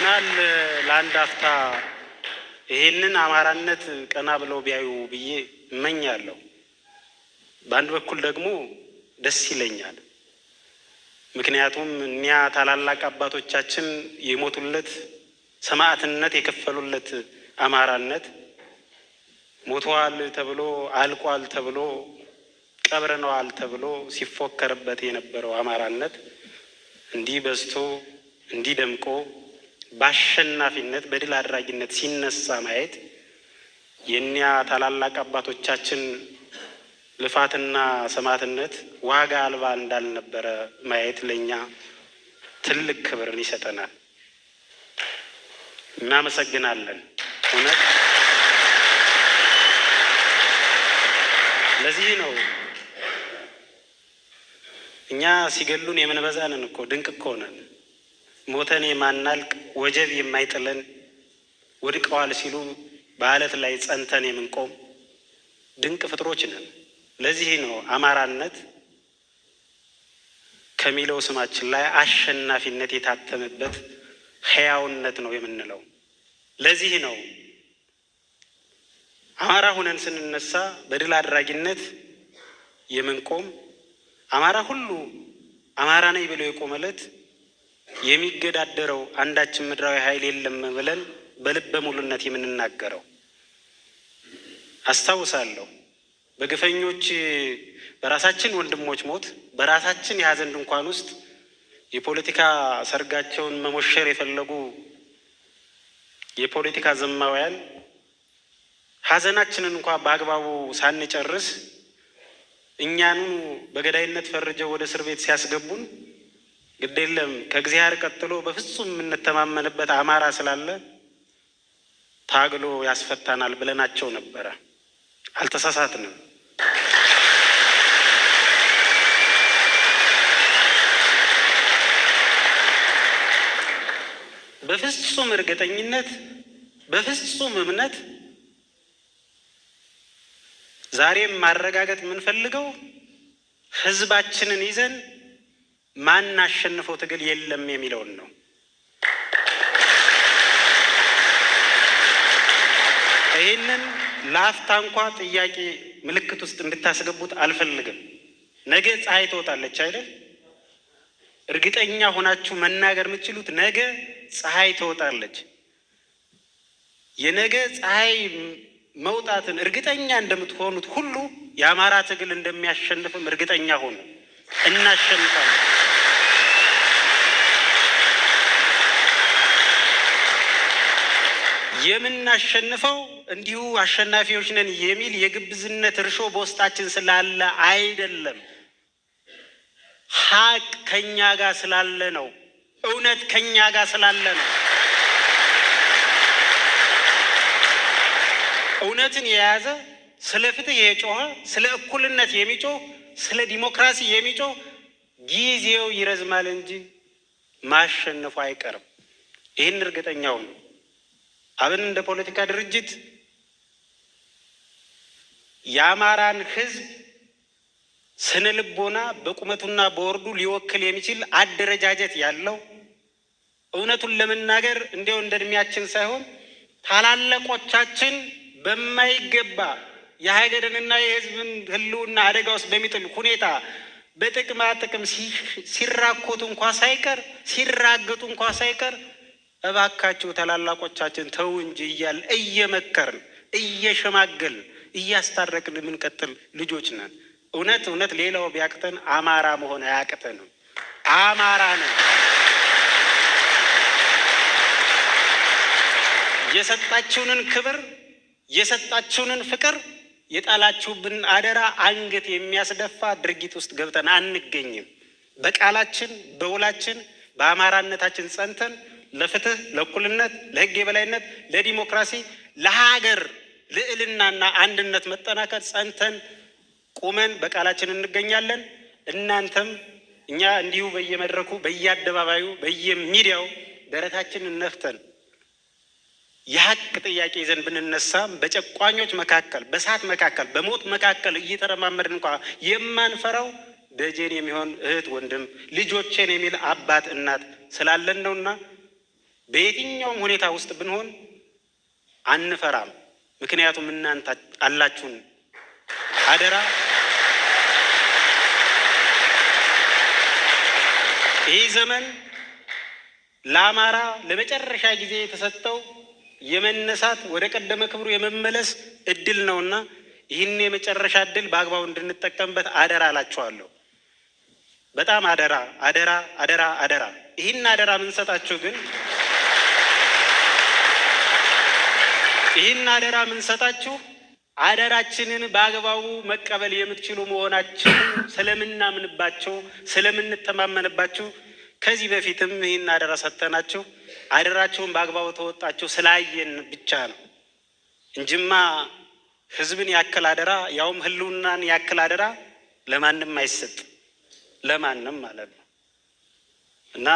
ምናል ለአንድ አፍታ ይሄንን አማራነት ቀና ብለው ቢያዩ ብዬ እመኛለሁ። በአንድ በኩል ደግሞ ደስ ይለኛል። ምክንያቱም እኒያ ታላላቅ አባቶቻችን የሞቱለት ሰማዕትነት የከፈሉለት አማራነት ሞተዋል ተብሎ አልቋል ተብሎ ቀብረነዋል ተብሎ ሲፎከርበት የነበረው አማራነት እንዲህ በዝቶ እንዲህ ደምቆ በአሸናፊነት በድል አድራጊነት ሲነሳ ማየት የእኒያ ታላላቅ አባቶቻችን ልፋትና ሰማዕትነት ዋጋ አልባ እንዳልነበረ ማየት ለእኛ ትልቅ ክብርን ይሰጠናል። እናመሰግናለን። እውነት ለዚህ ነው እኛ ሲገሉን የምንበዛንን እኮ ድንቅ እኮ ነን። ሞተን የማናልቅ ወጀብ የማይጥለን ወድቀዋል ሲሉ በአለት ላይ ጸንተን የምንቆም ድንቅ ፍጥሮች ነን። ለዚህ ነው አማራነት ከሚለው ስማችን ላይ አሸናፊነት የታተመበት ሕያውነት ነው የምንለው። ለዚህ ነው አማራ ሁነን ስንነሳ በድል አድራጊነት የምንቆም አማራ ሁሉ አማራ ነኝ ብለው የቆመለት የሚገዳደረው አንዳችን ምድራዊ ኃይል የለም ብለን በልበ ሙሉነት የምንናገረው አስታውሳለሁ። በግፈኞች በራሳችን ወንድሞች ሞት በራሳችን የሀዘን ድንኳን ውስጥ የፖለቲካ ሰርጋቸውን መሞሸር የፈለጉ የፖለቲካ ዘማውያን ሀዘናችንን እንኳ በአግባቡ ሳንጨርስ እኛኑ በገዳይነት ፈርጀው ወደ እስር ቤት ሲያስገቡን ግድ የለም ከእግዚአብሔር ቀጥሎ በፍጹም የምንተማመንበት አማራ ስላለ ታግሎ ያስፈታናል ብለናቸው ነበረ። አልተሳሳትንም። በፍጹም እርግጠኝነት በፍጹም እምነት ዛሬም ማረጋገጥ የምንፈልገው ህዝባችንን ይዘን ማን አሸንፈው ትግል የለም የሚለውን ነው። ይህንን ለአፍታ እንኳ ጥያቄ ምልክት ውስጥ እንድታስገቡት አልፈልግም። ነገ ፀሐይ ትወጣለች አይደል? እርግጠኛ ሆናችሁ መናገር የምትችሉት ነገ ፀሐይ ትወጣለች። የነገ ፀሐይ መውጣትን እርግጠኛ እንደምትሆኑት ሁሉ የአማራ ትግል እንደሚያሸንፍም እርግጠኛ ሆኑ። እናሸንፋለን። የምናሸንፈው እንዲሁ አሸናፊዎች ነን የሚል የግብዝነት እርሾ በውስጣችን ስላለ አይደለም። ሀቅ ከኛ ጋር ስላለ ነው። እውነት ከኛ ጋር ስላለ ነው። እውነትን የያዘ ስለ ፍትህ የጮኸ ስለ እኩልነት የሚጮህ ስለ ዲሞክራሲ የሚጮህ ጊዜው ይረዝማል እንጂ ማሸነፉ አይቀርም። ይህን እርግጠኛው ነው። አብን እንደ ፖለቲካ ድርጅት የአማራን ህዝብ ስነ ልቦና በቁመቱና በወርዱ ሊወክል የሚችል አደረጃጀት ያለው እውነቱን ለመናገር እንዲያው እንደ እድሜያችን ሳይሆን ታላላቆቻችን በማይገባ የሀገርንና የህዝብን ህልውና አደጋ ውስጥ በሚጥል ሁኔታ በጥቅማ ጥቅም ሲራኮቱ እንኳ ሳይቀር ሲራገጡ እንኳ ሳይቀር እባካችሁ ታላላቆቻችን ተው እንጂ እያል እየመከርን እየሸማገልን እያስታረቅን የምንቀጥል ልጆች ነን። እውነት እውነት ሌላው ቢያቅተን አማራ መሆን አያቅተንም። አማራ ነን። የሰጣችሁንን ክብር የሰጣችሁንን ፍቅር የጣላችሁብን አደራ አንገት የሚያስደፋ ድርጊት ውስጥ ገብተን አንገኝም። በቃላችን በውላችን በአማራነታችን ጸንተን ለፍትህ፣ ለእኩልነት፣ ለህግ የበላይነት፣ ለዲሞክራሲ፣ ለሀገር ልዕልናና አንድነት መጠናከር ጸንተን ቁመን በቃላችን እንገኛለን። እናንተም እኛ እንዲሁ በየመድረኩ በየአደባባዩ በየሚዲያው ደረታችንን ነፍተን የሀቅ ጥያቄ ይዘን ብንነሳ በጨቋኞች መካከል በእሳት መካከል በሞት መካከል እየተረማመድን እንኳ የማንፈራው ደጀን የሚሆን እህት ወንድም ልጆቼን የሚል አባት እናት ስላለን ነውና በየትኛውም ሁኔታ ውስጥ ብንሆን አንፈራም። ምክንያቱም እናንተ አላችሁን። አደራ ይህ ዘመን ለአማራ ለመጨረሻ ጊዜ የተሰጠው የመነሳት ወደ ቀደመ ክብሩ የመመለስ እድል ነውና ይህን የመጨረሻ እድል በአግባቡ እንድንጠቀምበት አደራ እላችኋለሁ። በጣም አደራ አደራ አደራ አደራ። ይህን አደራ የምንሰጣችሁ ግን ይህን አደራ የምንሰጣችሁ አደራችንን በአግባቡ መቀበል የምትችሉ መሆናችሁ ስለምናምንባችሁ ስለምንተማመንባችሁ ከዚህ በፊትም ይህን አደራ ሰጥተናችሁ አደራችሁን በአግባቡ ተወጣችሁ ስላየን ብቻ ነው እንጅማ ህዝብን ያክል አደራ ያውም ህልውናን ያክል አደራ ለማንም አይሰጥ ለማንም ማለት ነው እና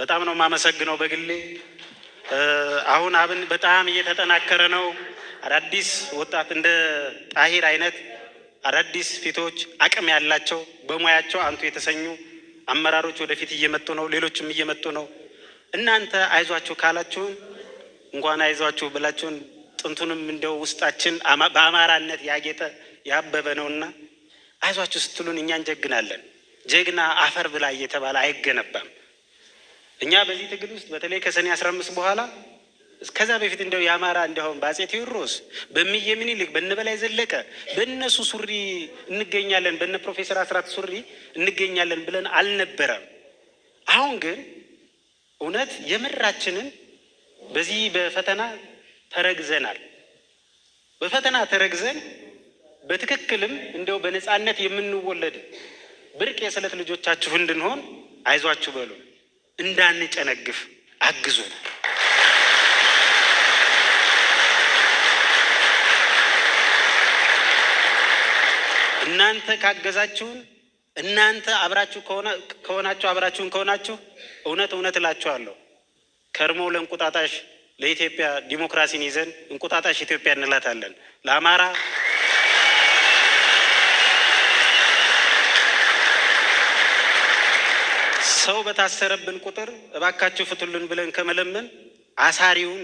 በጣም ነው የማመሰግነው በግሌ አሁን አብን በጣም እየተጠናከረ ነው። አዳዲስ ወጣት እንደ ጣሂር አይነት አዳዲስ ፊቶች አቅም ያላቸው በሙያቸው አንቱ የተሰኙ አመራሮች ወደፊት እየመጡ ነው። ሌሎችም እየመጡ ነው። እናንተ አይዟችሁ ካላችሁን እንኳን አይዟችሁ ብላችሁን ጥንቱንም እንደው ውስጣችን በአማራነት ያጌጠ ያበበ ነውና አይዟችሁ ስትሉን እኛ እንጀግናለን። ጀግና አፈር ብላ እየተባለ አይገነባም። እኛ በዚህ ትግል ውስጥ በተለይ ከሰኔ አስራ አምስት በኋላ ከዛ በፊት እንደው የአማራ እንዲሁም በአፄ ቴዎድሮስ በሚዬ ምኒልክ በነ በላይ ዘለቀ በእነሱ ሱሪ እንገኛለን በነ ፕሮፌሰር አስራት ሱሪ እንገኛለን ብለን አልነበረም። አሁን ግን እውነት የምራችንን በዚህ በፈተና ተረግዘናል። በፈተና ተረግዘን በትክክልም እንደው በነፃነት የምንወለድ ብርቅ የስለት ልጆቻችሁ እንድንሆን አይዟችሁ በሉን። እንዳንጨነግፍ አግዙን። እናንተ ካገዛችሁን፣ እናንተ አብራችሁ ከሆናችሁ አብራችሁን ከሆናችሁ እውነት እውነት እላችኋለሁ ከርሞ ለእንቁጣጣሽ ለኢትዮጵያ ዲሞክራሲን ይዘን እንቁጣጣሽ ኢትዮጵያ እንላታለን ለአማራ ሰው በታሰረብን ቁጥር እባካችሁ ፍቱልን ብለን ከመለመን አሳሪውን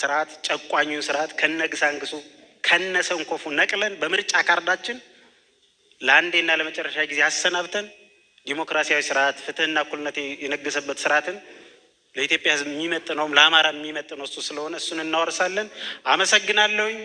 ስርዓት፣ ጨቋኙን ስርዓት ከነ ግሳንግሱ ከነ ሰንኮፉ ነቅለን በምርጫ ካርዳችን ለአንዴና ለመጨረሻ ጊዜ አሰናብተን ዲሞክራሲያዊ ስርዓት፣ ፍትህና እኩልነት የነገሰበት ስርዓትን ለኢትዮጵያ ሕዝብ የሚመጥነውም ለአማራ የሚመጥነው እሱ ስለሆነ እሱን እናወርሳለን። አመሰግናለሁኝ።